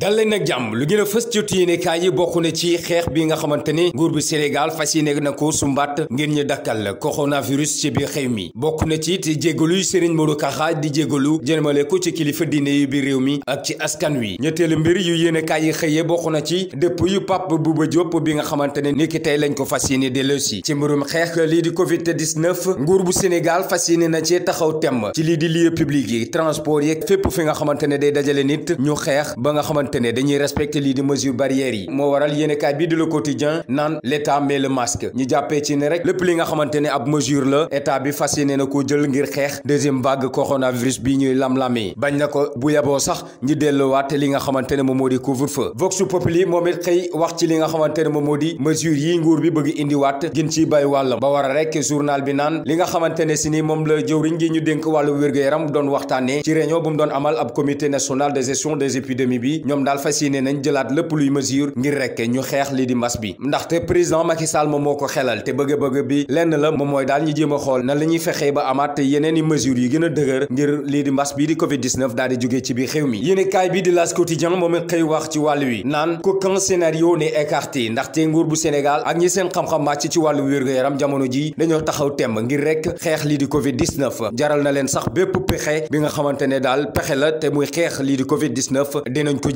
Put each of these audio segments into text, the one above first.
dal leen jàmm lu gën a fës ci yéenekaay yi bokk na ci xeex bi nga xamante ni nguur bu Sénégal fas yéene na ko sumbaat ngir ñu dakkal coronavirus ci biir xew mi bokk na ci te jégalu Serigne Modou Kara di jégalu jëmale ko ci kilifa diine yi biir réew mi ak ci askan wi ñetteelu mbir yu yéenekaay yi xëyee bokk na ci dëpp yu Pape Bouba Diop bi nga xamante ne niki tey lañ ko fas yéene delloosi ci mbirum xeex lii di Covid 19 nguur bu Sénégal fas yéene na ci taxaw temm ci lii di lieu public yi transport yeeg fépp fi nga xamante ne day dajale nit ñu xeex ba nga xamante xamante dañuy respecter li di mesure barrières yi moo waral yéenekaay bii di le quotidien naan l'état met le masque ñu jàppee ci ne rek lépp li nga xamantene ab mesure la état bi fas na ko jël ngir deuxième vague coronavirus bi ñuy lam lamé bañ na ko bu yaboo sax ñu delluwaat li nga xamantene couvre-feu Vox Populi moom it xëy wax ci li nga xamantene mesure yi nguur bi bëgg indiwaat gën ciy bay wàllam ba rek journal bi naan li nga xamantene si ni moom la jëwriñ gi ñu dénk wàllu wér yaram doon waxtaanee ci réunion bu mu amal ab comité national de gestion des épidémies bi ñoom daal fas yéene nañ jëlaat lépp luy mesure ngir rek ñu xeex lii di mbas bi ndaxte président Macky Sall moo ko xelal te bëgg-bëgg bi lenn la moom mooy daal ñu jéem xool na la ñuy ba amaat yeneen i mesures yi gën a dëgër ngir lii di mbas bii di covid 19 daal ci biir xew mi yéene bi di L'As Quotidien moom it xëy wax ci wàllu wi naan qu'aucun scénario n'est écarté ndaxte nguur bu Sénégal ak ñi seen xam-xam màcc ci wàllu wér-gu-yaram jamono ji dañoo taxaw temm ngir rek di covid 19 jaral na leen sax bépp pexe la te muy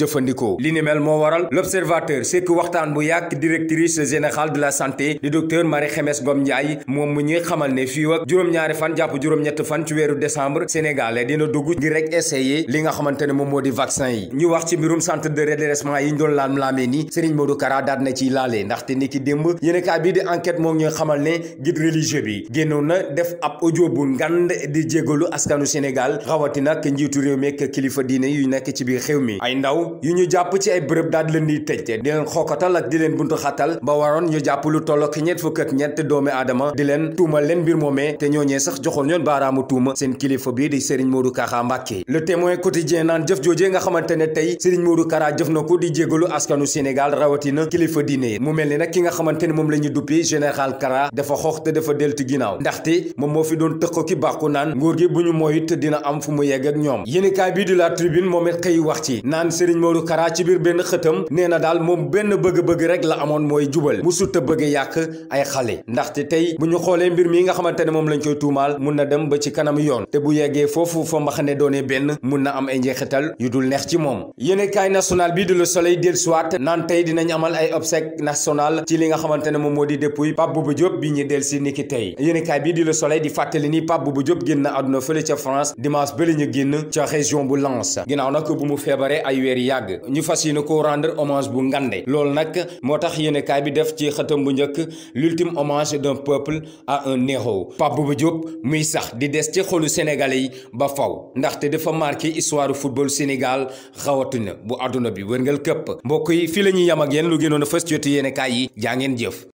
jëfandikoo li ni mel moo waral l'observateur que waxtaan bu yàgg directrice générale de la santé di docteur Marie xemes Ngom Ndiaye moom mu ñuy xamal ne fii ak juróom-ñaari fan jàpp juróom-ñett fan ci weeru décembre Sénégal dina dugg ngir rek essayer li nga xamante ne moom di vaccin yi ñu wax ci mbirum centre de redressement yi ñu doon laam laamee ni Serigne Modou Kara daat na ciy laalee ndaxte ni ki démb yéenekaay bii di enquête moom ñuy xamal ne guide religieux bi génnoon na def ab audio bu ngand di jégalu askanu Sénégal rawatina ak njiitu réew kilifodine kilifa diine yu nekk ci biir xew ay ndaw yu ñu jàpp ci ay bërëb daal leen di tëj di leen xookatal ak di leen buntu xatal ba waroon ñu jàpp lu tollook ñett fukk ñett doomi aadama di leen tuumal leen mbir moomee te ñooñee sax joxoon baaraamu tuuma seen kilifa bii di Serigne Modou Kara Mbacké le témoin quotidien naan jëf joojee nga xamante tey Serigne Modou Kara jëf na ko di jégalu askanu Sénégal rawatina kilifa diine mu mel ni nag ki nga xamante moom la ñu duppi général Kara dafa xoox te dafa deltu ginnaaw ndaxte moom moo fi doon tëq ki bàkku numéro Kara ci biir benn xëtam nee na daal moom benn bëgg-bëgg rek la amoon mooy jubal musut a bëgg yàq ay xale ndaxte bu ñu xoolee mbir mi nga xamante ne moom lañ koy tuumaal mun na dem ba ci yoon te bu yeggee foofu fa mbaxane doonee benn mun na am ay njeexital yu dul neex ci moom yéenekaay national bi du la Soleil del soit nan tey dinañ amal ay obsèques nationales ci li nga xamante ne moom moo di dépouille Pape Bouba Diop bi ñu del si niki tey yéenekaay bi di Le Soleil di fàttali ni Pape Bouba Diop génn àdduna fële ca France dimanche bële ñu génn ca région bu Lens ginnaaw nag bu mu feebaree ay weer yàgg ñu fas yéene koo rendre hommage bu ngande lool nag moo tax yéenekaay bi def ci xëtam bu njëkk l'ultime hommage d'un peuple à un héros Pape Bouba Diop muy sax di des ci xolu sénégalais yi ba faw ndaxte dafa marqué histoire football Sénégal xawatuñu bu àdduna bi wërngal këpp mbokk yi fii la ñuy yam ak yéen lu gënoon a fës ci yi jaa ngeen jëf